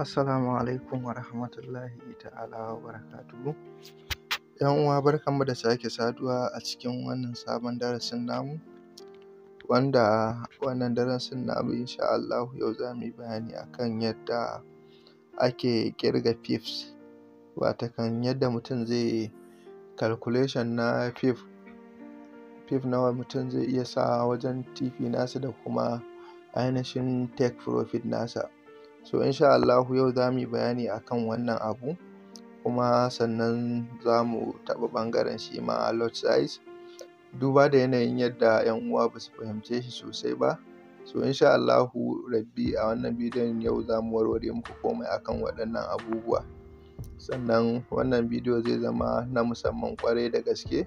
Assalamu alaikum wa rahmatullahi ta'ala wa barakatuhu. ‘Yan uwa barkanmu da sake saduwa a cikin wannan sabon darasin namu, wanda wannan darasin namu insha Allahu yau za mu yi bayani akan yadda ake ƙirga fifs, kan yadda mutum zai calculation na fif, fif nawa mutum zai iya sa wajen tifi nasa da kuma ainihin take profit nasa. so insha Allahu yau za mu yi bayani akan wannan abu kuma sannan za mu taɓa ɓangaren shi ma lot size duba da yanayin yadda ‘yan uwa ba su fahimce shi sosai ba so insha Allahu Rabbi a wannan bidiyon yau za mu warware muku komai akan waɗannan abubuwa sannan wannan bidiyo zai zama na musamman ƙwarai da gaske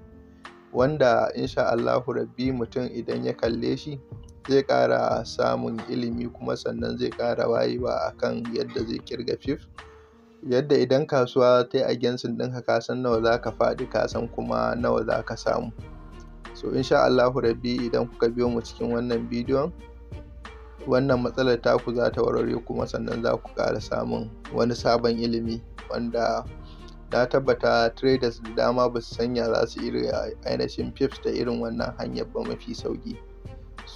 wanda insha Allahu Rabbi mutum idan ya kalle shi zai kara samun ilimi kuma sannan zai ƙara wayewa a kan yadda zai kirga fif yadda idan kasuwa ta yi agensin ɗinka ka san nawa za ka faɗi ka san kuma nawa za ka samu so insha Allahu rabbi idan kuka biyo mu cikin wannan bidiyon wannan matsalar taku za ta warware kuma sannan za ku ƙara samun wani sabon ilimi wanda na tabbata traders da dama ba su sanya za su iya ainihin pips da irin wannan hanyar ba mafi sauki.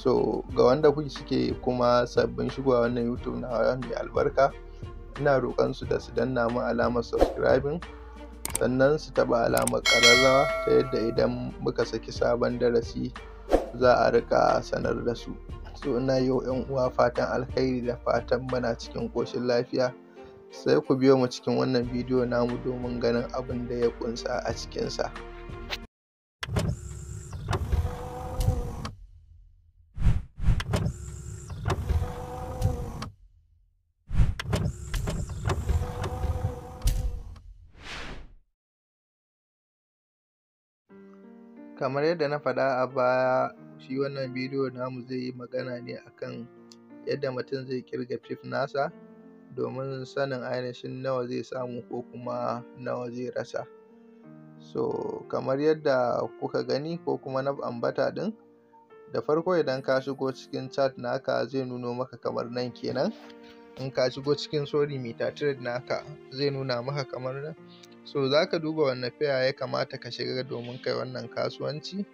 so ga wanda kuke suke kuma sabbin shigowa wannan youtube na mai albarka ina roƙon su da su danna mu alamar subscribing sannan su taɓa alamar ƙararrawa ta yadda idan muka saki sabon darasi za a rika sanar da su so ina yi wa uwa fatan alkhairi da fatan muna cikin ƙoshin lafiya sai ku biyo mu cikin wannan bidiyo namu domin ganin abin da ya ƙunsa a cikinsa kamar yadda na faɗa a baya shi wannan bidiyo namu zai yi magana ne akan yadda mutum zai ƙirga fif nasa domin sanin ainihin nawa zai samu ko kuma nawa zai rasa so kamar yadda kuka gani ko kuma na ambata ɗin da farko idan ka shigo cikin chat naka zai nuno maka kamar nan kenan in ka shigo cikin sorry trade naka zai nuna maka kamar nan so za ka duba wanne faya ya kamata ka shiga domin kai wannan kasuwanci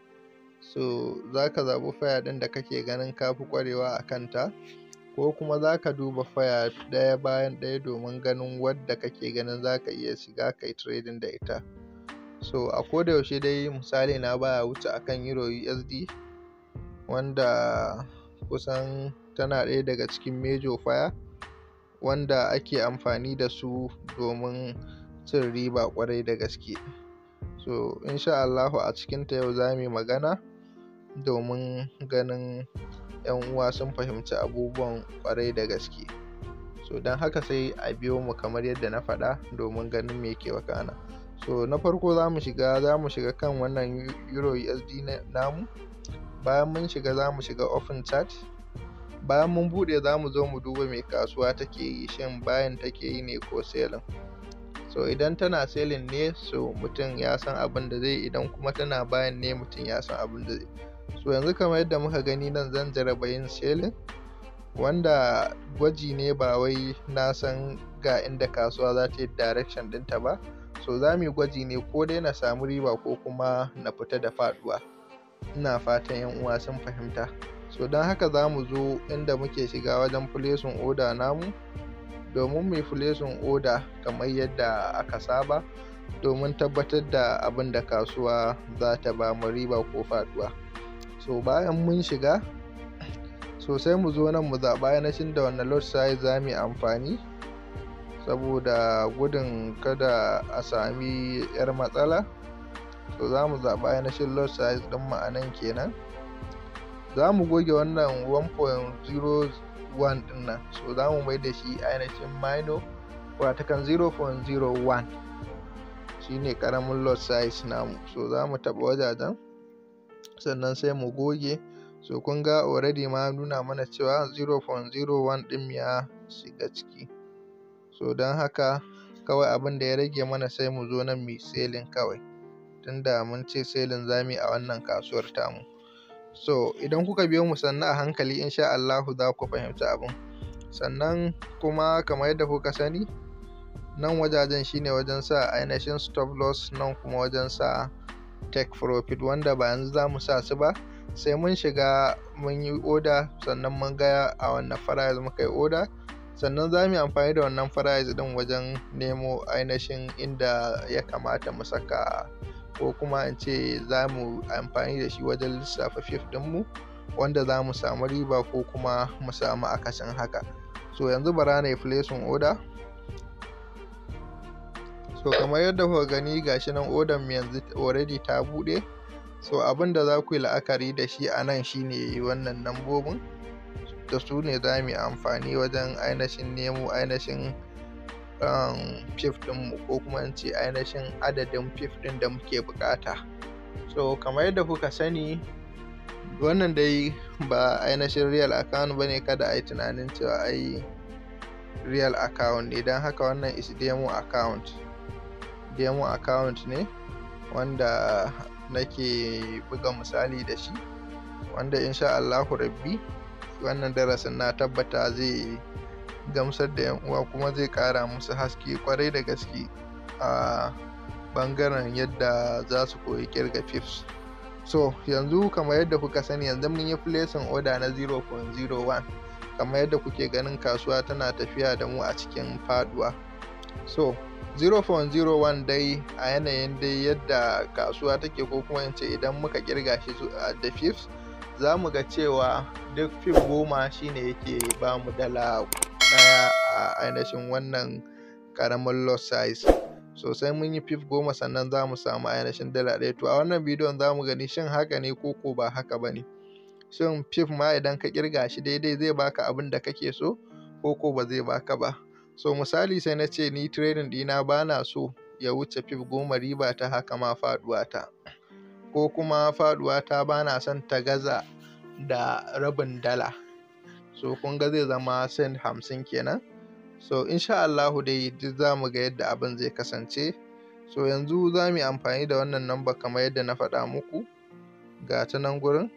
so za ka zaɓi faya ɗin da kake ganin ka fi ƙwarewa a kanta ko kuma za ka duba faya ɗaya bayan ɗaya domin ganin wadda kake ganin za ka iya shiga ka yi trading da ita so a kodayaushe dai misali na baya wuce akan euro usd wanda kusan tana ɗaya daga cikin major faya wanda ake amfani da su domin cin riba kwarai da gaske so insha Allahu a cikinta yau za mu yi magana domin ganin 'yan uwa sun fahimci abubuwan kwarai da gaske so don haka sai a biyo mu kamar yadda na faɗa domin ganin me ke wakana so na farko za mu shiga za mu shiga kan wannan euro usd namu bayan mun shiga za mu shiga open chat bayan mun buɗe za mu zo mu duba mai kasuwa take yi shin bayan take yi ne ko selin so idan tana selling ne so mutum ya san abin da zai idan kuma tana bayan ne mutum ya san abin da zai so yanzu kamar yadda muka gani nan zan jaraba yin selling wanda gwaji ne ba wai na san ga inda kasuwa za ta yi direction ɗinta ba so za mu yi gwaji ne ko dai na samu riba ko kuma na fita da faɗuwa ina fatan yan uwa sun fahimta so don haka za mu zo inda muke shiga wajen placing order namu domin mu yi oda kamar yadda aka saba domin tabbatar da abin da kasuwa za ta ba mu riba ko faduwa so bayan mun shiga sosai mu zo nan mu zaɓa yanashin da wanne lot size za mu yi amfani saboda gudun kada a sami 'yar matsala so za mu zaɓa yanashin lot size ɗin ma'anan kenan za mu goge wannan 1.0 1 din nan so za mu mai da shi ainihin mino watakan 0.01 shine karamin lot size namu so za mu taɓa wajajen sannan sai mu goge so kun ga already ma nuna mana cewa 0.01 din ya shiga ciki so don haka kawai abin da ya rage mana sai mu zo nan mu yi kawai tunda mun ce selin zami a wannan kasuwar tamu So idan kuka biyo mu sannu a hankali insha Allahu za ku fahimci abin. Sannan kuma kamar yadda kuka sani nan wajajen shine wajen sa ainihin stop loss nan kuma wajen sa take profit wanda ba yanzu za mu sa su ba sai mun shiga mun yi oda sannan mun ga a wannan price muka yi oda sannan za mu yi amfani da wannan price din wajen nemo ainihin inda ya kamata mu saka ko kuma in ce za mu amfani da shi wajen lissafa fif mu wanda za mu samu riba ko kuma mu samu akasin haka so yanzu bara na yi order so kamar yadda kuka gani gashi nan order mu yanzu oredi ta buɗe so abin da za ku yi la'akari da shi a nan shine wannan nambobin da su ne za mu yi amfani wajen ainihin nemo ainihin Um, fif mu ko kuma in ce ainihin adadin fif ɗin da muke bukata so kamar yadda kuka sani wannan dai ba ainihin real account ba ne kada a yi tunanin cewa ai real account ne don haka wannan is demo account demo account ne wanda nake buga misali da shi wanda insha Allahu rabbi wannan darasin na tabbata zai gamsar da yan uwa kuma zai kara musu haske kwarai da gaske a bangaren yadda za su koyi kirga fifs so yanzu kamar yadda kuka sani yanzu mun yi placing oda na 0.01 kamar yadda kuke ganin kasuwa tana tafiya da mu a cikin faduwa so 0.01 dai a yanayin dai yadda kasuwa take ko kuma ce idan muka kirga shi da fifs za mu ga cewa duk fif goma shine yake ba mu dala ɗaya a ainihin wannan karamin lot size so sai mun yi fif goma sannan za mu samu ainihin dala ɗaya to a wannan bidiyon za mu gani shin haka ne ko ko ba haka ba ne shin fif ma idan ka kirga shi daidai zai baka abin da kake so ko ko ba zai baka ba so misali sai na ce ni trading ɗina ba na so ya wuce fif goma riba ta haka ma faɗuwa ta ko kuma faɗuwa ta ba na son ta gaza da rabin dala so kun ga zai zama cent hamsin kenan so insha Allahu dai duk za mu ga yadda abin zai kasance so yanzu za mu yi amfani da wannan namba kamar yadda na faɗa muku ga ta nan gurin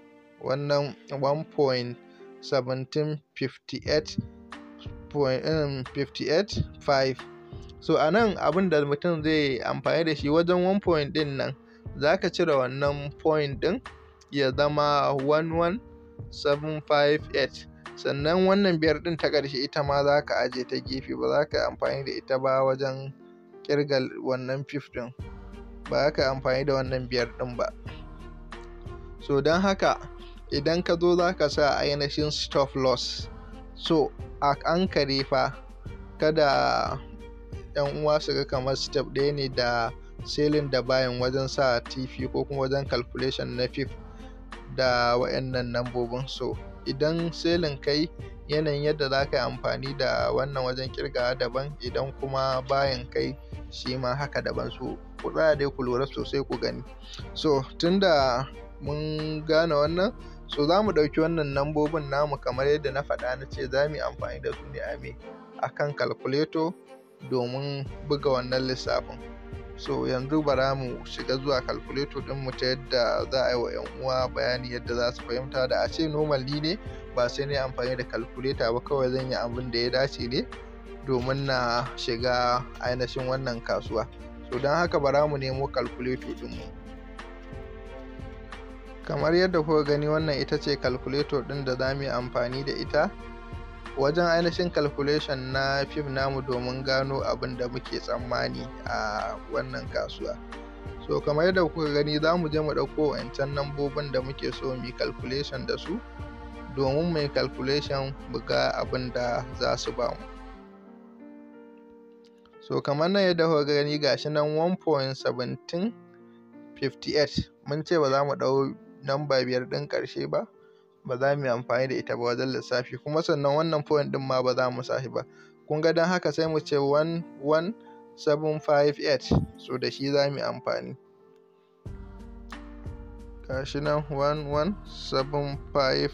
wannan 1.1758.5 um, so a nan abin da mutum zai amfani da shi wajen 1 point din nan za ka cire wannan point din ya zama 11758 sannan wannan biyar ɗin ta karshe ita ma za ka aje ta gefe ba za ka amfani da ita ba wajen ƙirga wannan fif ɗin ba za ka amfani da wannan biyar ɗin ba so don haka idan ka zo za ka sa ainihin stop loss so a kare fa kada yan uwa su ga kamar step ɗaya ne da selling da bayan wajen sa tifi ko kuma wajen calculation na fif da waɗannan nambobin so idan selin kai yanayin yadda za ka yi amfani da wannan wajen ƙirgawa daban idan kuma bayan kai shi ma haka daban so ku tsaya dai ku lura sosai ku gani so tunda mun gane wannan so za mu ɗauki wannan nambobin namu kamar yadda na faɗa na ce za mu yi amfani da su ne a a kan kalkuleto domin buga wannan lissafin so yanzu bara mu shiga zuwa calculator din mu ta yadda za a yi wa 'yan uwa bayani yadda za su fahimta da a ce normally ne ba sai na amfani da calculator ba kawai zan yi abin da ya dace ne domin na shiga ainihin wannan kasuwa so don haka bara mu nemo calculator mu. kamar yadda kuka gani wannan ita ce calculator din da za mu yi amfani da ita wajen ainihin calculation na fim namu domin gano abin da muke tsammani a wannan kasuwa so kamar yadda kuka gani za mu je mu ɗauko wancan nambobin da muke so mu yi calculation da su domin mu yi calculation mu ga abin da za su ba mu so kamar nan yadda kuka gani gashi nan 1.1758 mun ce ba za mu ɗau namba biyar ɗin ƙarshe ba ba za mu yi amfani da ita ba wajen lissafi kuma sannan wannan point din ma ba za mu sa shi ba kun ga don haka sai mu ce 11758 so da shi za mu yi amfani gashi nan 11758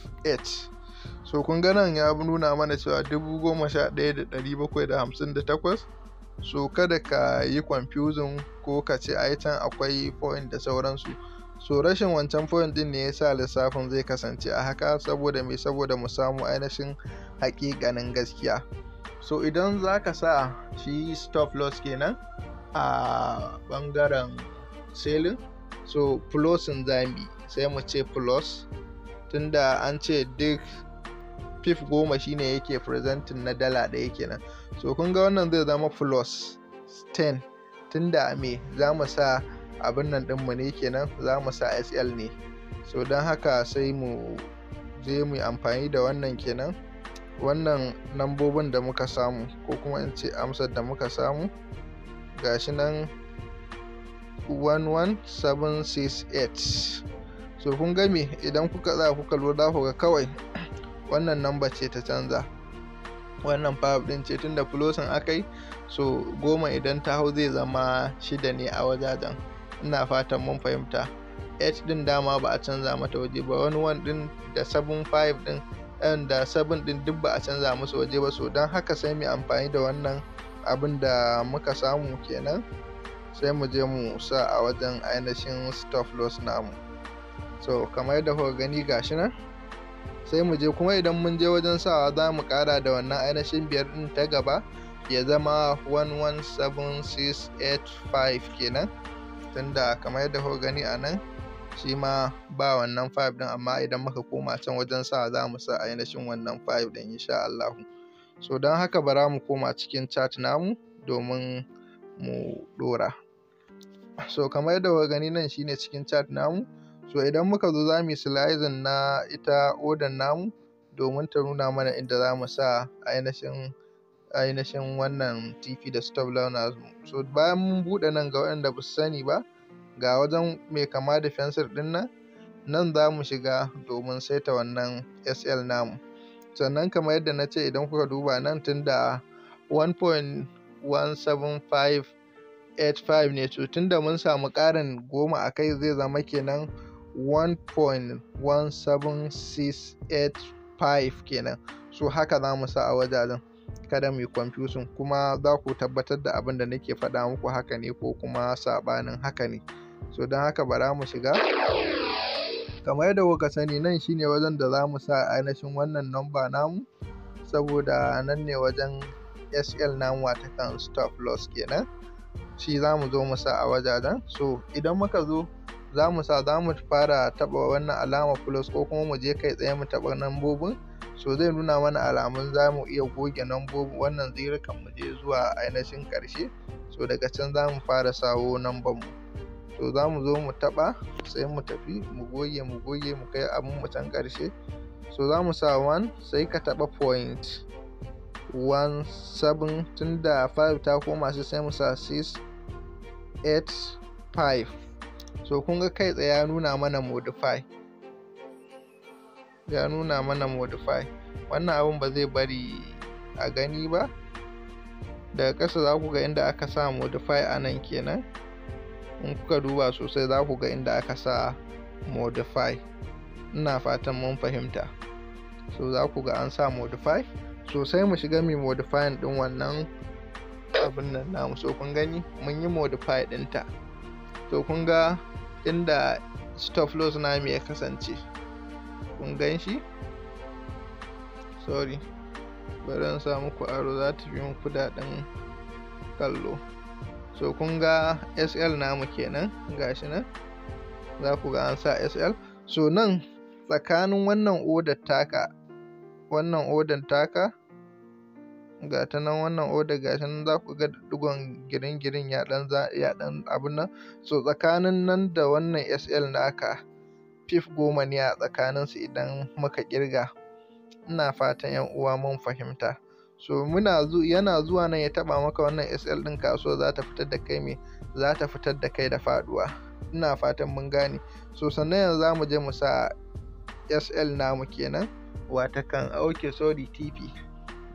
so kun ga nan ya nuna mana cewa 11758 so kada ka yi confusing ko ka ce a yi can akwai point da sauransu so rashin wancan point din ne ya sa lissafin zai kasance a haka saboda me saboda mu samu ainihin hakikanin gaskiya so idan za ka sa shi stop loss kenan a bangaren silin so plusin zami sai mu ce plus tunda an ce duk pif goma shine yake presentin na dala ɗaya kenan so kun ga wannan zai zama plus 10 tunda me za mu sa abin nan ɗinmu ne kenan za mu sa sl ne so don haka sai mu je mu amfani da wannan kenan wannan nambobin da muka samu ko kuma in ce amsar da muka samu gashi nan 11768 so kun idan kuka tsaya kuka lura ku kawai wannan namba ce ta canza wannan fab din ce tunda flosin aka yi so goma idan ta hau zai zama shida ne a wajajen ina fatan mun fahimta 8 din dama ba a canza mata waje ba wani wan din da 7 5 din eh, da 7 din duk ba a canza musu waje ba so don haka sai mu amfani da wannan abin da muka samu kenan sai mu je mu sa a wajen ainihin stop loss namu so kamar yadda kuka gani gashi nan sai mu je kuma idan mun je wajen sawa za mu kara da wannan ainihin biyar din ta gaba ya zama 11765 kenan tunda kamar yadda kuka gani a nan shi ma ba wannan 5 ɗin amma idan muka koma can wajen sa za mu sa ainihin wannan 5 ɗin insha Allahu. So don haka bara mu koma cikin chat namu domin mu ɗora. So kamar yadda kuka gani nan shine cikin chat namu. So idan muka zo za mu yi slicing na ita odan namu domin ta nuna mana inda za mu sa ainihin ainihin wannan tp da stop launa so bayan mun buɗe nan ga waɗanda ba su sani ba ga wajen mai kama da fensir ɗin nan nan za mu shiga domin saita wannan sl namu sannan kamar yadda na ce idan kuka duba nan tun da 1.17585 ne to tun da mun samu ƙarin goma a kai zai zama kenan 1.17685 kenan so haka za mu sa a wajajen kada mu yi confusing kuma za ku tabbatar da abin da nake faɗa muku haka ne ko kuma saɓanin haka ne so don haka bara mu shiga kamar yadda kuka sani nan shine wajen da za mu sa ainihin wannan number namu saboda nan ne wajen sl namu kan stop loss kenan shi za mu zo mu sa a wajajen so idan muka zo za mu sa za mu fara taɓa wannan alama plus ko kuma mu je kai tsaye mu taɓa nambobin so zai nuna mana alamun za mu iya goge nambobi wannan zerukan mu je zuwa ainihin karshe so daga can za mu fara sawo namban mu so za mu zo mu taɓa sai mu tafi mu goge mu goge mu kai abin mu can ƙarshe so za mu sa 1 sai ka taɓa point 17 7 tunda 5 ta koma sai sai mu sa 6 8 5 so kun ga kai tsaye ya nuna mana modify ya nuna mana modify wannan abun ba zai bari a gani ba daga ƙasa za ku ga inda aka sa modify a nan kenan in kuka duba sosai za ku ga inda aka sa modify ina fatan mun fahimta so za ku ga an sa modify sosai mu shiga mai modify din wannan abin nan namu so kun gani mun yi modify ɗinta to kun ga inda stop loss na ya kasance kun gan shi sorry bari in sa muku aro za ta fi muku daɗin kallo so kun ga sl namu kenan gashi nan za ku ga an sa sl so nan tsakanin wannan odar taka wannan odar taka ga ta nan wannan odar ga nan za ku ga digon girin-girin ya dan abin nan so tsakanin nan da wannan sl naka fif goma ne a tsakaninsu idan muka kirga ina fatan yan uwa mun fahimta so muna zu yana zuwa nan ya taɓa maka wannan SL ɗin kasuwa za ta fitar da kai me za ta fitar da kai da faduwa ina fatan mun gane so sannan yanzu za mu je mu sa SL namu kenan watakan okay, sorry TP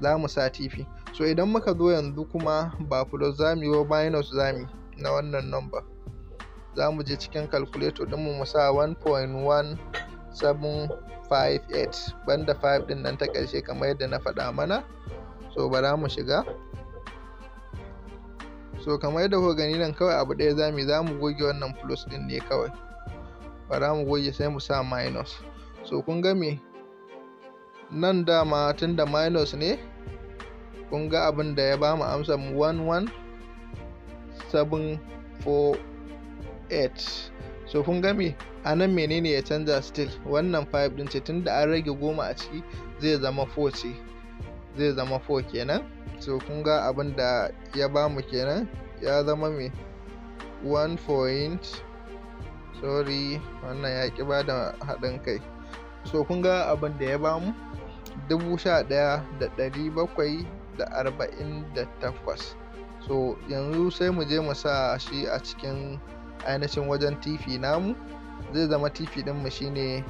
za mu sa TP so idan muka zo yanzu kuma ba plus za yi ba minus zami yi na wannan number za mu je cikin calculator ɗinmu mu sa 1.1758 banda 5 ɗin nan ta ƙarshe kamar yadda na faɗa mana so bara mu shiga so kamar yadda kuka gani nan kawai abu ɗaya zamu za mu goge wannan plus ɗin ne kawai bara mu goge sai mu sa minus so kun ga me nan dama tunda minus ne kun ga abin da ya bamu amsar mu 1174 8 so kun gami a nan menene ya canza still wannan 5 din ce tunda an rage goma a ciki zai zama 4 ce zai zama 4 kenan so kun ga abin da ya bamu kenan ya zama me 1 point sorry wannan ya ki bada da haɗin kai so kun ga abin da ya bamu dubu sha da ɗari arba'in da takwas so yanzu sai mu je mu sa shi a cikin ainihin wajen tv namu zai zama tv mu shine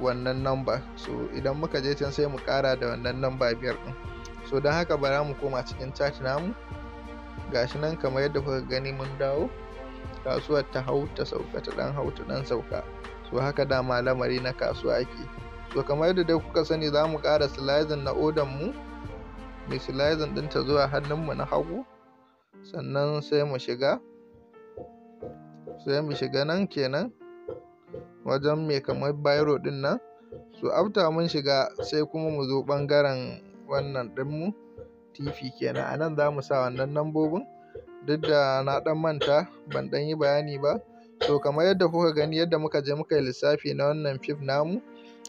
wannan namba so idan muka je can sai mu kara da wannan namba biyar din so don haka ba bara mu koma cikin chat namu gashi nan kamar yadda kuka gani mun dawo kasuwar ta hau ta sauka ta dan hau ta dan sauka so haka dama lamari na kasuwa ake so kamar yadda dai kuka sani za mu kara slicing na odan mu mai din ta zuwa hannun mu na hagu sannan sai mu shiga sai mu shiga nan kenan wajen mai kamar biro din nan so after mun shiga sai kuma mu zo bangaren wannan ɗinmu tv kenan a nan za mu sa wannan lambobin duk da na dan manta ban dan yi bayani ba so kamar yadda kuka gani yadda muka je muka yi lissafi na wannan fif namu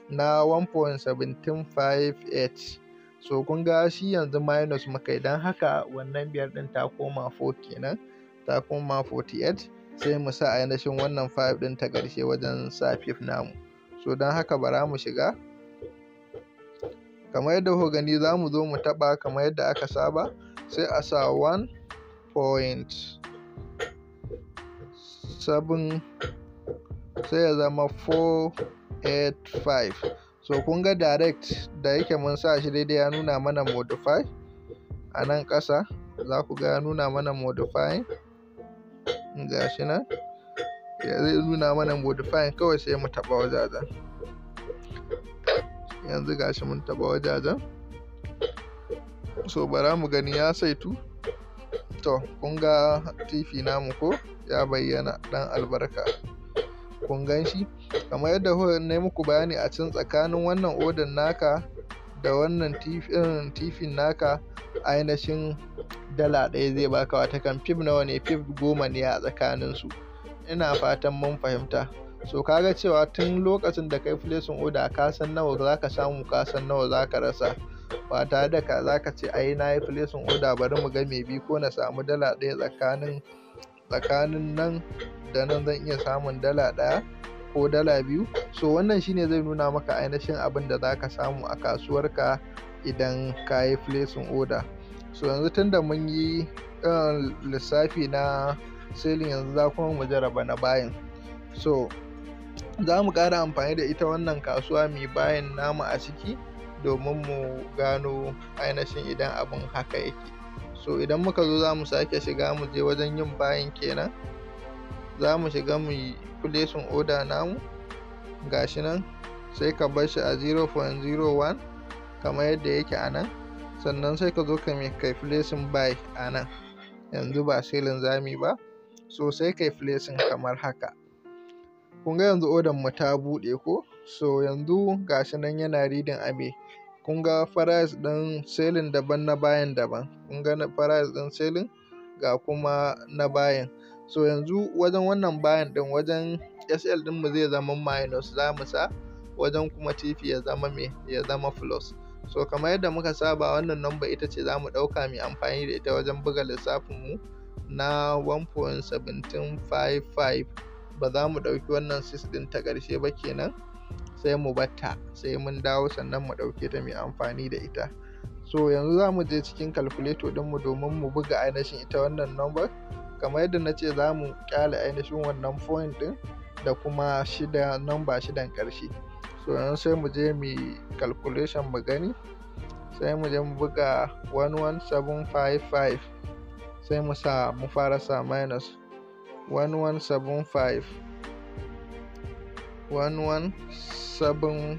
na 1.1758 so kun ga shi yanzu minus muka yi don haka wannan biyar din ta koma 4 kenan ta koma 48 sai mu sa ainihin wannan fayif ɗin ta ƙarshe wajen sa fif namu so don haka bara mu shiga kamar yadda ku gani za mu zo mu taɓa kamar yadda aka saba sai a sa 1.7 sai ya zama 485 so kun ga direct da yake mun sa shi daidai ya nuna mana modify a nan ƙasa za ku ga ya nuna mana modifying gashi nan ya zai nuna mana modifying kawai sai mu taɓa wajajen yanzu gashi mun taba wajajen so bara mu gani ya saitu to kun ga tv namu ko ya bayyana dan albarka kun gan shi kamar yadda ne muku bayani a can tsakanin wannan odan naka da wannan tifin eh, naka ainihin dala ɗaya zai baka kan fif nawa ne fif goma ne a tsakanin su ina fatan mun fahimta so kaga cewa tun lokacin da kai placing oda ka san nawa za ka samu ka san nawa za ka rasa ba tare da ka za ka ce ai na yi placing oda bari mu ga mai bi ko na samu dala ɗaya tsakanin tsakanin nan da nan zan iya samun dala ɗaya ko dala biyu so wannan shine zai nuna maka ainihin abin da za ka samu a kasuwarka idan ka yi placing oda. so yanzu tun da mun yi uh, lissafi na selling yanzu za kuma mu jaraba na bayin so za mu ƙara amfani da ita wannan kasuwa mai bayan namu a ciki domin mu gano ainihin idan abin haka yake so idan muka zo za mu sake shiga mu je wajen yin bayan kenan za mu shiga mu yi kulesin oda namu gashi nan sai ka bar shi a 0.01 kamar yadda yake a nan sannan sai ka zo ka mai kai flesin by a nan yanzu ba silin zami ba so sai kai flesin kamar haka kun yanzu odan mu ta buɗe ko so yanzu gashi nan yana ridin a me kun ga price daban na bayan daban kun ga price ɗin selin ga kuma na bayan so yanzu wajen wannan bayan din wajen sl mu zai zama minus za mu sa wajen kuma tv ya zama me ya zama plus so kamar yadda muka saba wannan namba ita ce za mu ɗauka mai amfani da ita wajen buga lissafinmu na 1.755 ba za mu ɗauki wannan 6 ɗin ta ƙarshe ba kenan sai mu batta sai mun dawo sannan mu ɗauke ta mai amfani da ita so yanzu za mu je cikin kalkuleto ɗinmu domin mu buga ainihin ita wannan number kamar yadda na ce za mu ƙyale ainihin wannan point ɗin da kuma shida number shidan ƙarshe to yanzu sai mu je mu calculation mu gani sai mu je mu buga 11755 sai mu sa mu fara sa minus 1175 11755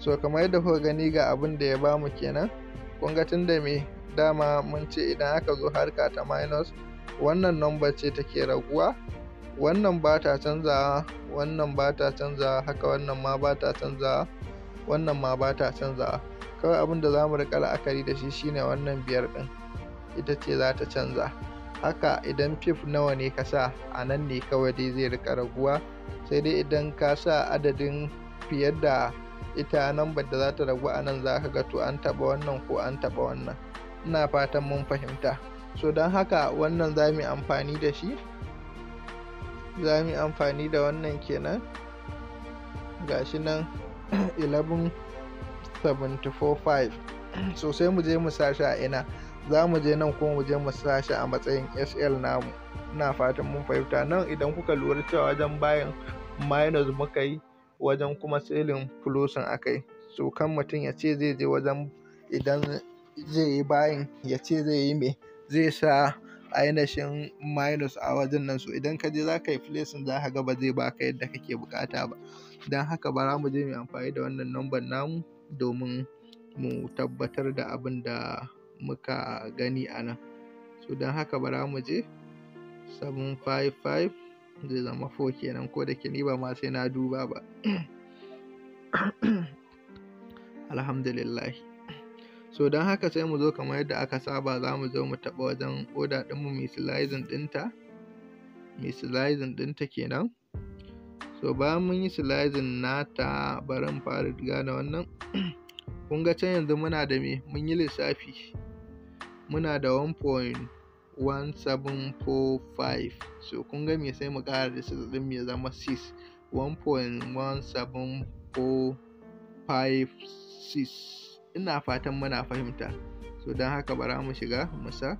so kamar yadda kuka gani ga abin da ya bamu kenan kun ga tunda me dama mun ce idan aka zo harka ta minus wannan number ce take raguwa wannan ba ta canzawa wannan ba ta canzawa haka wannan ma ba ta canzawa wannan ma ba ta canzawa kawai abin da za mu riƙa la'akari da shi shine wannan biyar ɗin ita ce za ta canza haka idan fif nawa ne ka sa a nan ne kawai dai zai riƙa raguwa sai dai idan ka sa adadin fiye da ita nambar da za ta ragu a nan za ka ga to an taɓa wannan ko an taɓa wannan ina fatan mun fahimta so don haka wannan za mu yi amfani da shi za mu yi amfani da wannan kenan gashi nan 11745 so sai mu je mu sashi a ina za mu je nan kuma mu je mu sashi a matsayin sl namu ina fatan mun fahimta nan idan kuka lura cewa wajen bayan minus muka yi wajen kuma selin plusin akai yi so kan mutum ya ce zai je wajen idan zai yi bayan ya ce zai yi mai zai sa ainihin minus a wajen nan so idan ka je za ka yi placing za ka ga ba zai baka yadda kake bukata ba don haka ba bara mu je mu amfani da wannan number namu domin mu tabbatar da abin da muka gani a nan so don haka ba bara mu je 755 zai zama 4 kenan ko da ke ni ba ma sai na duba ba alhamdulillah So don haka sai mu zo kamar yadda aka saba za mu zo mu taɓa wajen oda ɗin mai slicing ɗinta. Mai slicing ɗinta kenan. So bayan mun yi slicing nata bari in fara gane wannan. Kun ga can yanzu muna da me? Mun yi lissafi. Muna da 1.1745. So kun ga me sai mu ƙara da 6 ɗin ya zama 6. 1.1745. ina fatan muna fahimta so don haka bara mu shiga musa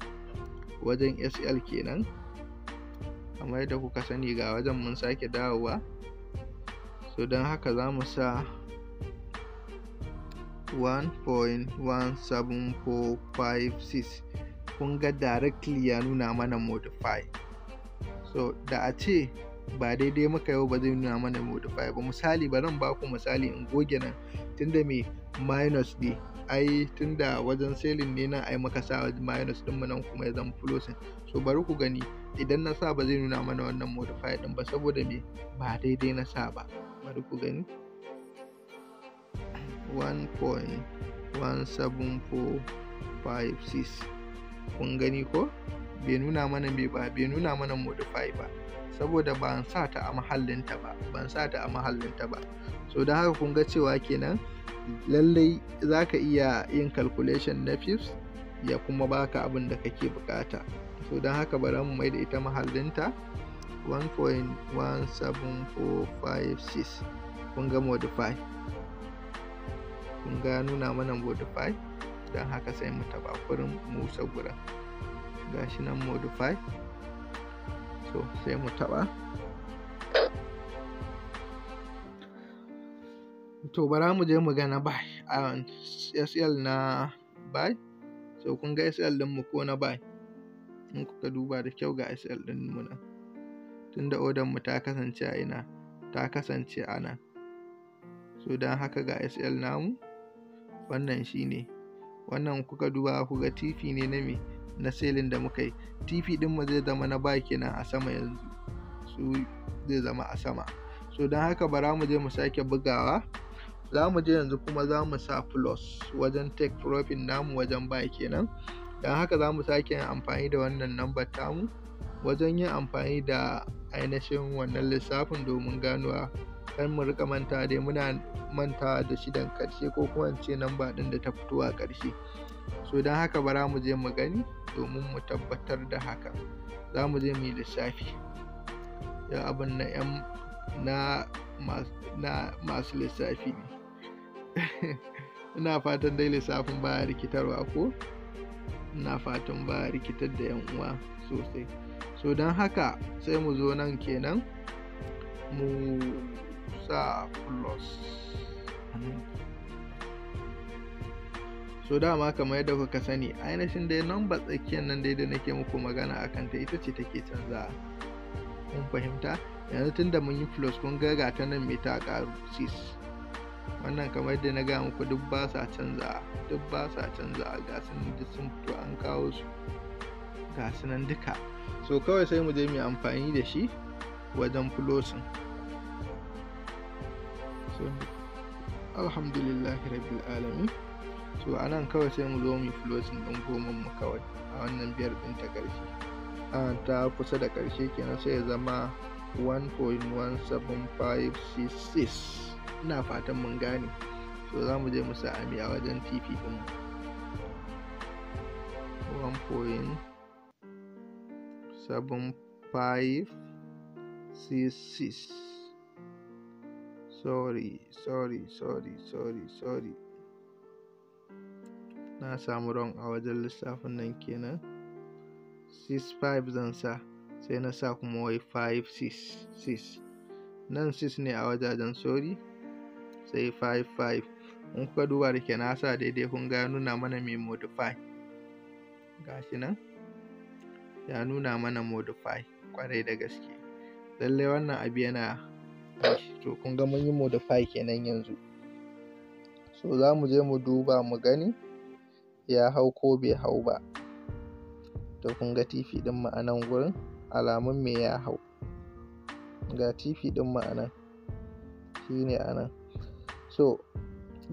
wajen sl kenan kamar yadda kuka sani ga wajen mun sake dawowa so don haka za mu sa 1.17456 kun ga directly ya nuna mana modify so da a ce ba daidai muka yau ba zai nuna mana modifier ba misali ba zan baku misali in goge nan tunda me minus ne ai tunda wajen selling ne na ai maka sa minus ɗin mu nan kuma ya zama floating so bari ku gani idan na sa ba zai nuna mana wannan modifier din ba saboda me ba daidai na sa ba bari ku gani 1.17456 kun gani ko bai nuna mana me ba bai nuna mana modify ba saboda ban sa ta a mahallinta ba ban sa ta a mahallinta ba so don haka kun ga cewa kenan lallai za ka iya yin calculation na fifth ya kuma baka abin da kake bukata so don haka bari mu mai da ita mahallinta 1.17456 kun ga modify kun ga nuna mana modify don haka sai mu taba kurin mu gurin gashi nan modify so sai mu taɓa to bara mu je mu ga na buy a um, sl na buy so kun ga sl din mu ko na buy in kuka duba da kyau ga sl din mu nan tunda order mu ta kasance a ina ta kasance a nan so dan haka ga sl namu wannan shine wannan kuka duba ku ga tv ne na me na selin da muka yi tp ɗinmu zai zama na ba kenan a sama yanzu su zai zama a sama so don haka bara mu je mu sake bugawa za mu je yanzu kuma za mu sa plus wajen take profit namu wajen ba kenan don haka za mu sake yin amfani da wannan number tamu wajen yin amfani da ainihin wannan lissafin domin ganuwa kan mu rika manta dai muna mantawa da shi dan karshe ko kuma in ce namba ɗin da ta fito a karshe so don haka bara mu je mu gani domin mu tabbatar da haka za mu je mu yi lissafi yau abin na 'yan na masu lissafi ne ina fatan dai lissafin baya rikitarwa ko ina fatan baya rikitar da 'yan uwa sosai so don haka sai mu zo nan kenan mu sa plus so dama kamar yadda kuka sani ainihin dai number tsakiyar nan daidai da nake muku magana a kanta ita ce take canza kun fahimta yanzu tun da mun yi plus kun ga ta nan mai ta karu 6 wannan kamar yadda na gaya muku duk ba sa canza duk ba sa canza ga su duk sun fito an kawo su ga su nan duka so kawai sai mu je mu amfani da shi wajen flosin alhamdulillahi rabbil alamin so a nan kawai sai mu zo mu floating ɗin goman mu kawai a wannan biyar ɗin ta ƙarshe a ta kusa da ƙarshe kenan sai ya zama 1.17566 ina fatan mun gane so za mu je mu sa ami a wajen tp ɗin mu 1.7566 sorry sorry sorry sorry sorry na samu wrong a wajen lissafin nan kenan 6-5 zan sa sai na sa kuma wai 5-6 nan 6 ne a wajajen sorry sai 5-5 in kuka duba da ke nasa daidai kun ga nuna mana mai modify gashi nan ya nuna mana modify kwarai da gaske lallai wannan abu yana to kun ga mun yi modify kenan yanzu so za mu je mu duba mu gani ya hau ko bai hau ba to kun ga tifi ɗin mu a nan gurin alamun me ya hau ga tifi ɗin mu a nan shi ne a nan so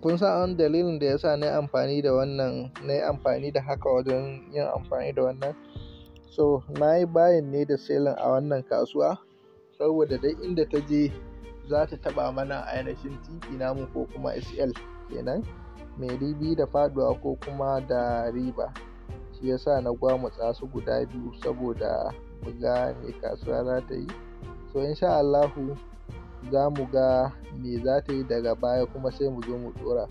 kun san an dalilin da yasa na amfani da wannan na yi amfani da haka wajen yin amfani da wannan so na yi bayan ne da selin a wannan kasuwa saboda dai inda ta je za ta taɓa mana ainihin tv namu ko kuma sl kenan mai ribi da faduwa ko kuma da riba shi yasa na gwamutsa su guda biyu saboda mu ga me kasuwa za ta yi so insha Allahu za mu ga me za ta yi daga baya kuma sai mu zo mu dora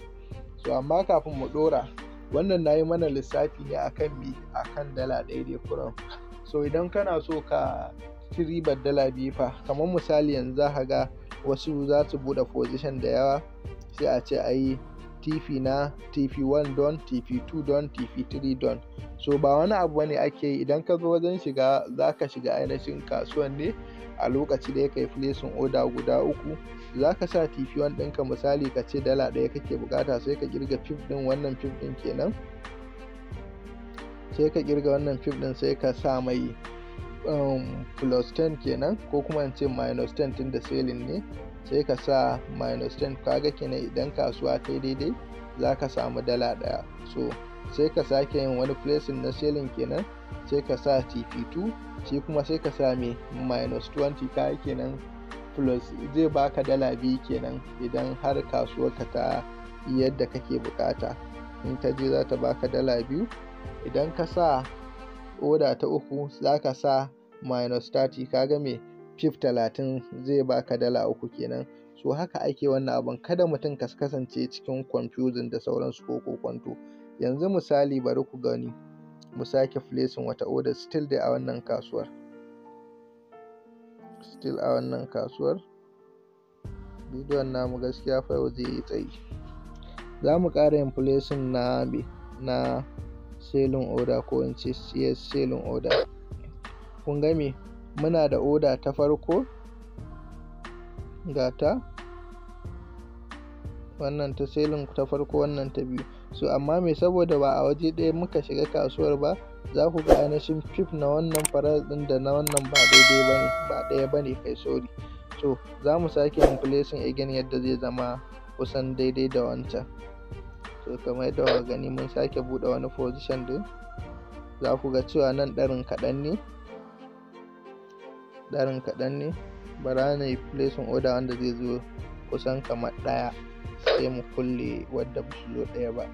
so amma kafin mu dora wannan na yi mana lissafi ne akan me akan dala ɗaya dai kuran so idan kana so ka ci ribar dala biyu fa kamar misali yanzu za ka ga wasu za su buɗe position da yawa sai a ce a yi tifi na tifi 1 don tifi 2 don tifi 3 don so ba wani abu ne ake yi idan ka zo wajen shiga za ka shiga ainihin kasuwan ne a lokaci da ya kai filesin oda guda uku za ka sa tifi 1 ɗinka misali ka ce dala ɗaya kake bukata sai ka kirga fif ɗin wannan fif ɗin kenan sai ka kirga wannan fif ɗin sai ka sa mai um, plus 10 kenan ko kuma in ce minus 10 tun da selin ne sai ka sa minus 10 kaga kenan idan kasuwa ta yi daidai za ka samu dala ɗaya so sai ka sake yin wani placing na selling kenan sai ka sa tp2 shi kuma sai ka sa mai minus 20 kaga kenan plus zai baka dala biyu kenan idan har ka ta yadda kake bukata in ta je za ta baka dala biyu idan ka sa oda ta uku za ka sa minus 30 kaga me fif talatin zai baka dala uku kenan so haka ake wannan abun kada mutum ka kasance cikin confusing da sauransu ko kwanto yanzu misali bari ku gani mu sake placing wata order still dai a wannan kasuwar still a wannan kasuwar bidiyon namu gaskiya fa yau zai yi tsayi za mu ƙara yin placing na na selling order ko in ce yes selling order kun gami. muna da oda ta farko ga ta wannan ta selin ta farko wannan ta biyu so amma me saboda ba a waje ɗaya muka shiga kasuwar ba za ku ga ainihin fif na wannan faras ɗin da na wannan ba daidai ba ne ba ɗaya ba ne kai sori so za mu sake yin placing again yadda zai zama kusan daidai da wancan so kamar yadda wa gani mun sake buɗe wani position ɗin za ku ga cewa nan ɗarin kaɗan ne ɗarin kaɗan ne bara na yi placing order wanda zai zo kusan kamar ɗaya sai mu kulle wadda ba su zo ɗaya ba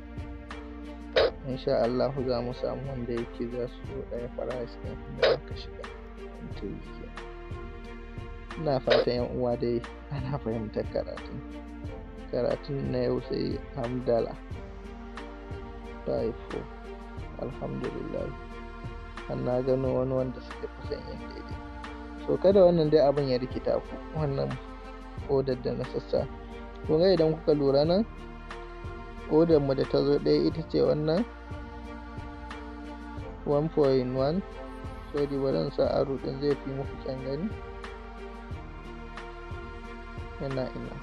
insha Allah za mu samu wanda yake za su zo ɗaya fara price ɗin da aka shiga ta yi ina fatan yan uwa dai ana fahimtar karatun karatun na yau sai hamdala 5 alhamdulillah an na gano wani wanda suka kusan yin daidai so kada wannan dai abin ya rikita ku wannan odar da na sassa kun ga idan kuka lura nan odar mu da ta zo ɗaya ita ce wannan 1.1 so di in sa aro ɗin zai fi muku can gani yana ina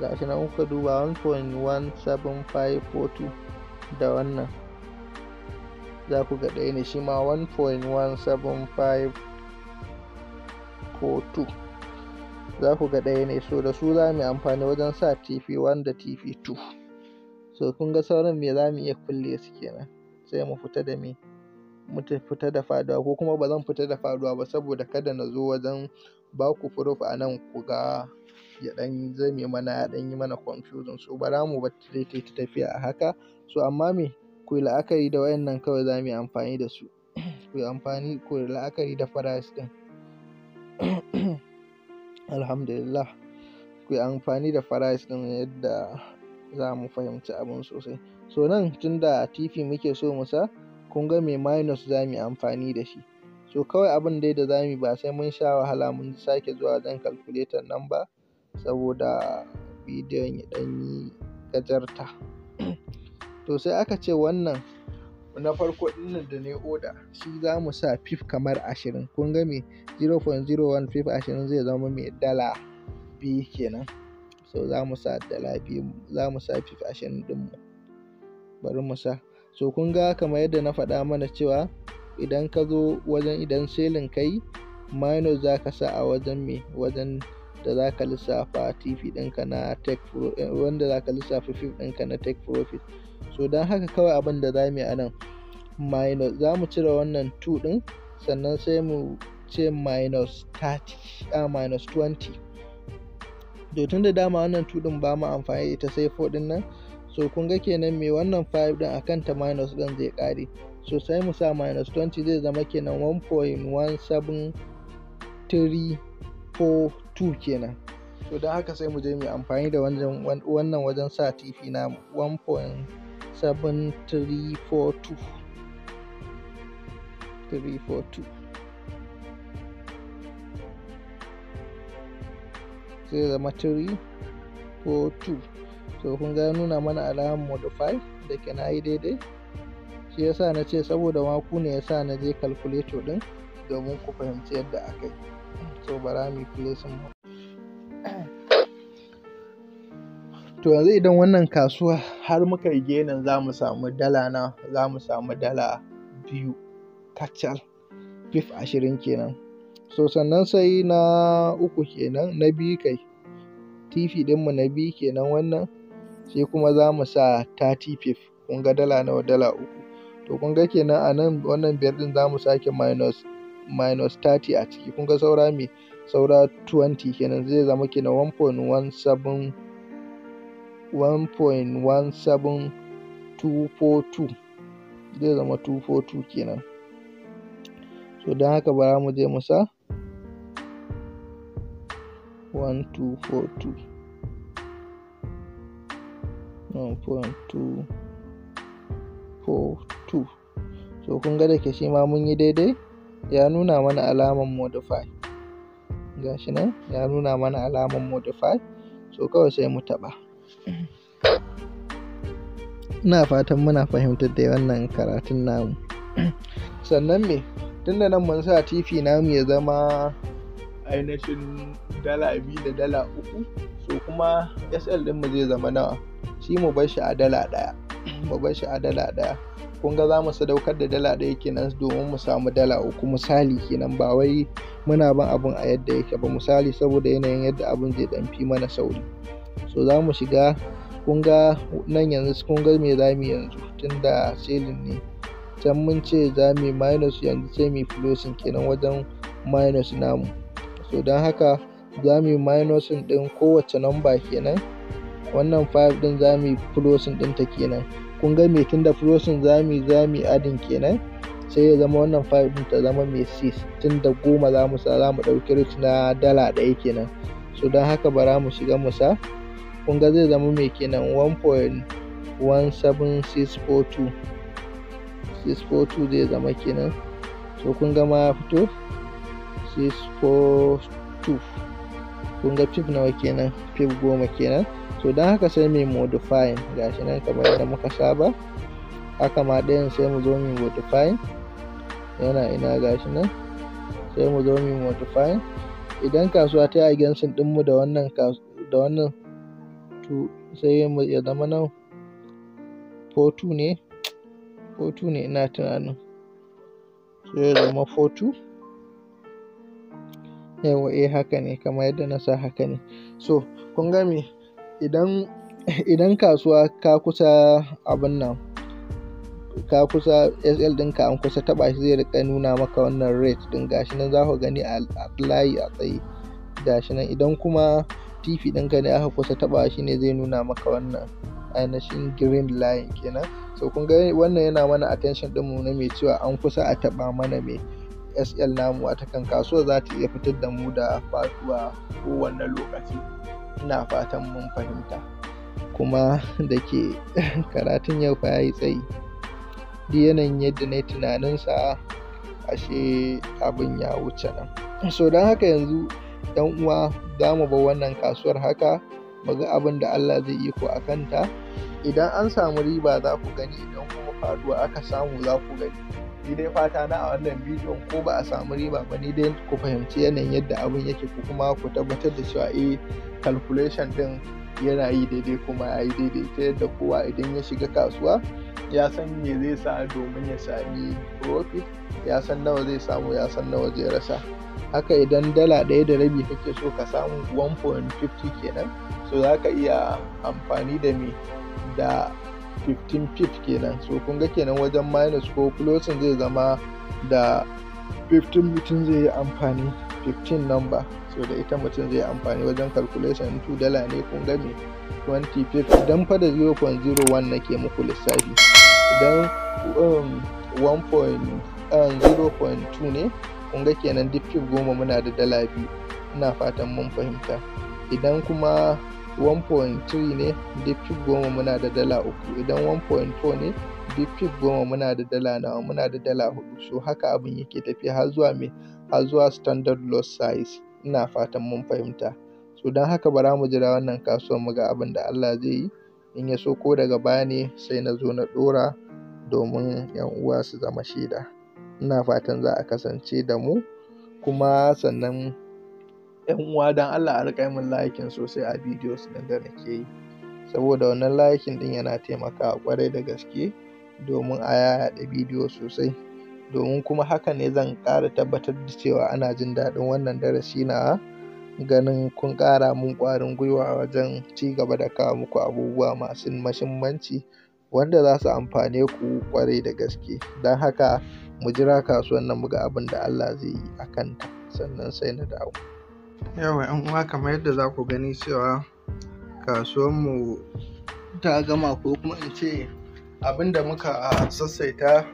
ga shi nan kuka duba 1.17542 da wannan za ku ga ɗaya ne shi ma 1.175 2 za ku ga ɗaya ne so da su za mu amfani wajen sa tp1 da tp2 so kun ga sauran me za mu iya kulle su kenan sai mu fita da me mu fita da faduwa ko kuma ba zan fita da faduwa ba saboda kada na zo wajen ba ku proof a nan ku ga ya ɗan zame mana ya ɗan yi mana confusion so bara mu bar ta tafiya a haka so amma me ku yi la'akari da wayannan kawai za mu yi amfani da su ku yi amfani ku yi la'akari da price ɗin alhamdulillah ku yi amfani da price ɗin yadda za mu fahimci abin sosai so nan tun tunda tifi muke so mu sa kun ga mai minus za mu yi amfani da shi so kawai abin dai da za mu yi ba sai mun sha wahala mun sake zuwa zan calculator nan ba saboda bidiyon ya ɗan gajarta to sai aka ce wannan na farko dinnan da na oda shi za mu sa fif kamar ashirin kun ga me 0.01 fif ashirin zai zama mai dala biyu kenan so za mu sa dala biyu za mu sa fif ashirin mu bari mu sa so kun ga kamar yadda na faɗa mana cewa idan ka zo wajen idan selin kai minus za ka sa a wajen me wajen da za ka lissafa tv ɗinka na tech eh, wanda za ka lissafa fif ɗinka na tech profit to don haka kawai abin da za mu yi a nan minus za mu cire wannan 2 din sannan sai mu ce minus 30 a minus 20 to tun da dama wannan 2 din ba mu amfani ita sai 4 din nan so kun ga kenan mai wannan 5 din akan ta minus din zai kare so sai mu sa minus 20 zai zama kenan 1.17342 kenan to don haka sai mu je mu amfani da wannan wajen sa tifi na 1. 7342 342 zai zama 342 so kun ga nuna mana alamar modify da ke na yi daidai shi yasa na ce saboda maku ne yasa na je calculator din domin ku fahimci yadda aka yi so bara mu yi placing to yanzu idan wannan kasuwa har muka yi genin za mu samu dala na za mu samu dala biyu kacal fif ashirin kenan so sannan sai na uku kenan na biyu kai tifi ɗinmu na biyu kenan wannan sai kuma za mu sa tati fif kun ga dala nawa dala uku to kun ga kenan a nan wannan biyar din za mu sake minus minus 30 a ciki kun ga saura me saura 20 kenan zai zama kenan 1.17 1.17242 zai zama 242 kenan so don haka bara mu je musa 1242 1.242 so kun ga da ke shi ma mun yi daidai ya nuna mana alaman modify gashi nan ya nuna mana alaman modify so kawai sai mu taɓa Ina fatan muna fahimtar da wannan karatun namu. Sannan me, tunda nan mun sa tifi namu ya zama ainihin dala biyu da dala uku, so kuma SL ɗinmu zai zama nawa, shi mu bar shi a dala ɗaya, mu bar shi a dala ɗaya. kun ga za mu sadaukar da dala ɗaya kenan domin mu samu dala uku misali kenan ba wai muna bin abun a yadda yake ba misali saboda yanayin yadda abun zai ɗan fi mana sauri so za mu shiga kun ga nan yanzu kun ga me za mu yanzu tunda selin ne can mun ce za mu yi minus yanzu sai mu yi kenan wajen minus namu so don haka za mu yi minus ɗin kowace number kenan wannan 5 ɗin za mu yi closing ɗinta kenan kun ga me tunda flosin za mu yi za mu yi adding kenan sai ya zama wannan 5 ɗin ta zama mai 6 tunda goma za mu sa za mu ɗauki rate na dala ɗaya kenan so don haka bara mu shiga mu sa kunga zai zama mai kenan 1.17642 642 zai zama kenan so kun ga ma fito 642 kun ga pip nawa kenan pip goma kenan so don haka sai mai modifying gashi nan kamar yadda muka saba haka ma ɗayan sai mu zo mai modifying yana ina gashi nan sai mu zo mai modifying idan kasuwa ta yi agensin ɗinmu da wannan da wannan su sai ya zama nan 4-2 ne 4-2 ne ina tunanin sai ya zama 4-2 yawa eh haka ne kamar yadda na sa haka ne so kun ga me idan idan kasuwa ka kusa abin nan ka kusa sl ka an kusa taɓa shi zai rika nuna maka wannan rate ɗin gashi nan za ku gani a layi a tsaye gashi nan idan kuma ɗin ɗinka ne aka kusa taɓa shi ne zai nuna maka wannan ainihin green line kenan so kun ga wannan yana mana attention ɗinmu na mai cewa an kusa a taɓa mana mai sl namu a takan kasuwa za ta iya fitar da mu da faɗuwa kowane lokaci ina fatan mun fahimta kuma da ke karatun yau fa yi tsayi duk yanayin yadda na yi tunaninsa ashe abin ya wuce nan so don haka yanzu 'yan uwa za mu bar wannan kasuwar haka mu ga abin da Allah zai yi ko a kanta idan an samu riba za ku gani idan kuma faduwa aka samu za ku gani ni dai fata na a wannan bidiyon ko ba a samu riba ba ni dai ku fahimci yanayin yadda abin yake ku kuma ku tabbatar da cewa eh calculation din yana yi daidai kuma ya yi daidai ta yadda kowa idan ya shiga kasuwa ya san me zai sa domin ya sami profit ya san nawa zai samu ya san nawa zai rasa haka idan dala ɗaya da rabi kake so ka samu 1.50 kenan so za ka iya amfani da me da 15 pip kenan so kun ga kenan wajen minus ko closing zai zama da 15 mutum zai yi amfani 15 number so da ita mutum zai amfani wajen calculation 2 dala ne kun ga me 20 idan fa da 0.01 nake muku lissafi idan 1.0.2 um, um, ne kun ga kenan duk fif goma muna da dala biyu ina fatan mun fahimta idan kuma 1.3 ne duk fif goma muna da dala uku idan 1.4 ne duk fif goma muna da dala nawa muna da dala hudu so haka abin yake tafi har zuwa me har zuwa standard loss size ina fatan mun fahimta so don haka bara mu jira wannan kasuwar mu ga abin da Allah zai yi in ya so ko daga baya ne sai na zo na ɗora domin 'yan uwa su zama shaida. ina fatan za a kasance da mu kuma sannan yan uwa dan Allah a riƙa min laikin sosai a videos ɗin da nake yi saboda wannan laikin ɗin yana taimakawa ƙwarai da gaske domin a yayaɗa bidiyo sosai domin kuma haka ne zan ƙara tabbatar da cewa ana jin daɗin wannan darasi na ganin kun ƙara mun ƙwarin gwiwa wajen ci gaba da kawo muku abubuwa masu muhimmanci wanda za su amfane ku ƙwarai da gaske don haka mu jira kasuwan nan muga abin da Allah zai yi a kanta sannan sai na dawo. Yawwa ‘yan uwa kamar yadda za ku gani cewa kasuwan mu ta gama ko kuma in ce abin da muka sassaita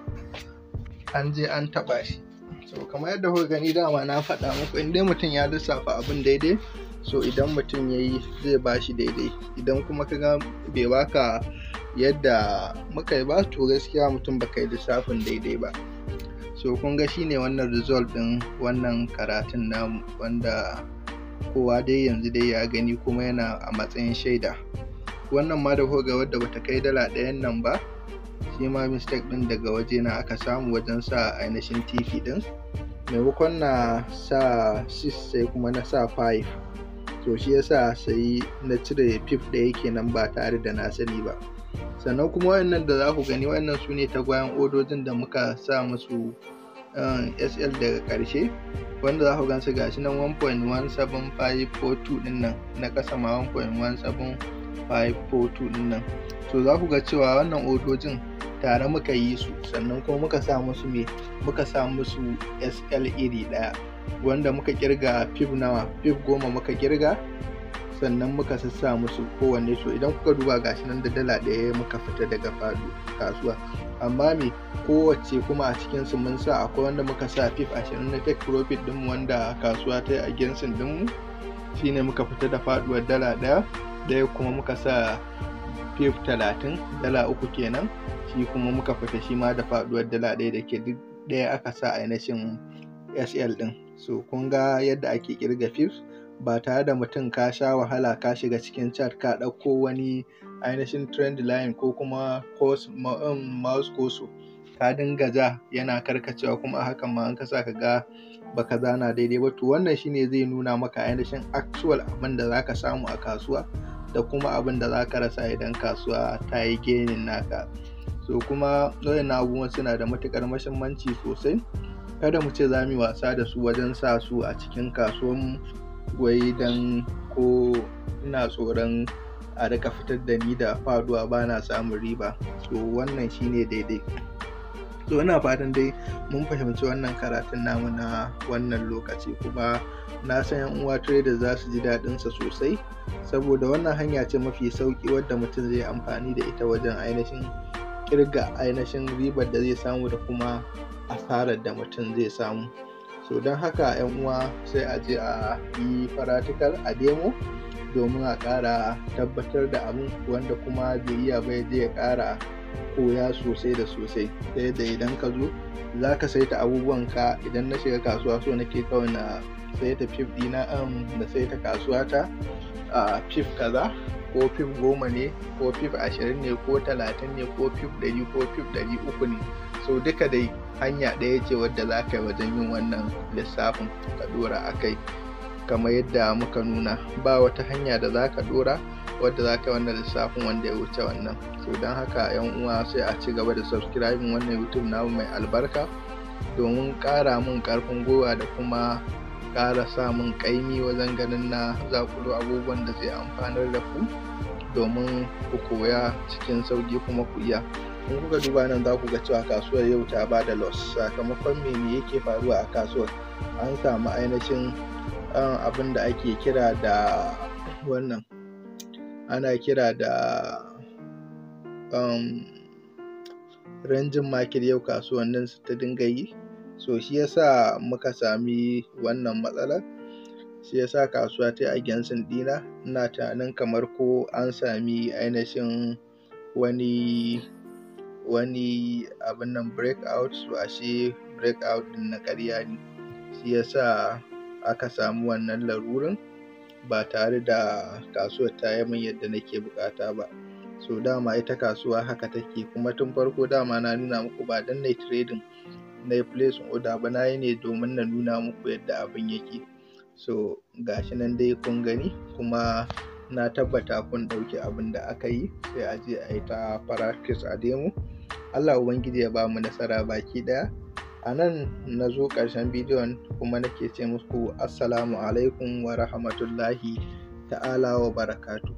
an je an taɓa shi. So kamar yadda kuka gani dama na faɗa muku in dai mutum ya lissafa abin daidai so idan mutum ya yi zai ba shi daidai idan kuma ka ga bai baka yadda muka yi ba to gaskiya mutum baka yi lissafin daidai ba. so kun ga shine wannan result ɗin wannan karatun namu wanda kowa dai yanzu dai ya gani kuma yana a matsayin shaida wannan ma da ga wadda bata kai dala ɗayan nan ba shi ma mistake ɗin daga waje na aka samu wajen sa ainihin tv ɗin maimakon na sa 6 sai kuma na sa 5 to shi yasa sai na cire fif ɗaya kenan ba tare da na sani ba sannan kuma wayannan da za ku gani wayannan su ne tagwayen odojin da muka sa musu um, sl daga ƙarshe wanda za ku gansu shi nan 1.17542 din nan na ƙasa ma 1.17542 din nan to za ku ga cewa wannan odojin tare muka yi su sannan kuma muka sa musu me muka sa musu sl iri ɗaya wanda muka kirga fib nawa fib goma muka kirga sannan muka sassa musu kowanne so idan kuka duba gashi nan da dala ɗaya muka fita daga kasuwa amma me kowace kuma a cikin su mun sa akwai wanda muka sa fif ashirin na take profit ɗinmu wanda kasuwa ta yi a ginsin ɗinmu shine muka fita da faɗuwar dala ɗaya ɗaya kuma muka sa fif talatin dala uku kenan shi kuma muka fita shi ma da faɗuwar dala ɗaya da ke duk ɗaya aka sa ainihin sl din so kun ga yadda ake kirga fifs ba tare da mutum ka sha wahala ka shiga cikin chat ka ɗauko wani ainihin trend line ko kuma course um, mouse course ka dinga ja yana karkacewa kuma a hakan ma an ka sa ka ga baka zana daidai ba to wannan shine zai nuna maka ainihin actual abin da zaka samu a kasuwa da kuma abin da zaka rasa idan kasuwa ta yi genin naka so kuma wannan abubuwan suna da matuƙar muhimmanci sosai kada mu ce za mu yi wasa da su wajen sa su a cikin kasuwanmu wai dan ko ina tsoron a rika fitar da ni da faduwa ba na samun riba so wannan shine daidai so ina fatan dai mun fahimci wannan karatun namu na wannan lokaci kuma na san yan uwa traders za su ji daɗinsa sosai saboda wannan hanya ce mafi sauƙi wadda mutum zai amfani da ita wajen ainihin kirga ainihin ribar da zai samu da kuma asarar da mutum zai samu so don haka yan uwa sai a je a yi faratikal a demo domin a ƙara tabbatar da abin wanda kuma bai iya bai je ya ƙara koya sosai da sosai ta yadda idan ka zo za ka saita abubuwan ka idan na shiga kasuwa so nake kawai na saita fif ɗina um, na saita kasuwa ta a fif kaza ko fif goma ne ko fif ashirin ne ko talatin ne ko fif ɗari ko fif ɗari uku ne so duka dai hanya ɗaya ce wadda za ka yi wajen yin wannan lissafin ka dora a kai kamar yadda muka nuna ba wata hanya da za ka dora wadda za ka yi wannan lissafin wanda ya wuce wannan so don haka yan uwa sai a ci gaba da subscribing wannan youtube namu mai albarka domin ƙara mun ƙarfin gowa da kuma ƙara sa mun ƙaimi wajen ganin na zakulo abubuwan da zai amfanar da ku domin ku koya cikin sauƙi kuma ku iya in kuka duba nan za ku ga cewa kasuwar yau ta ba da loss sakamakon mene yake faruwa a kasuwar an samu ainihin um, abin da ake kira da wannan ana kira da um, ranjin market yau kasuwannin su ta dinga yi so shi yasa muka sami wannan matsalar shi yasa kasuwa ta yi a against dina ina tunanin kamar ko an sami ainihin wani wani abin nan breakout to ashe breakout din na ƙarya ne shi yasa aka samu wannan larurin ba tare da kasuwar ta yi min yadda nake bukata ba so dama ita kasuwa haka take kuma tun farko dama na nuna muku ba don na trading na yi place order ba na yi ne domin na nuna muku yadda abin yake so gashi nan dai kun gani kuma na tabbata kun ɗauki abin da aka yi sai a je a yi ta practice a demo Allah Ubangiji ya ba mu nasara baki ɗaya. A nan na zo ƙarshen bidiyon kuma nake ce muku Assalamu alaikum wa rahmatullahi ta'ala wa barakatu.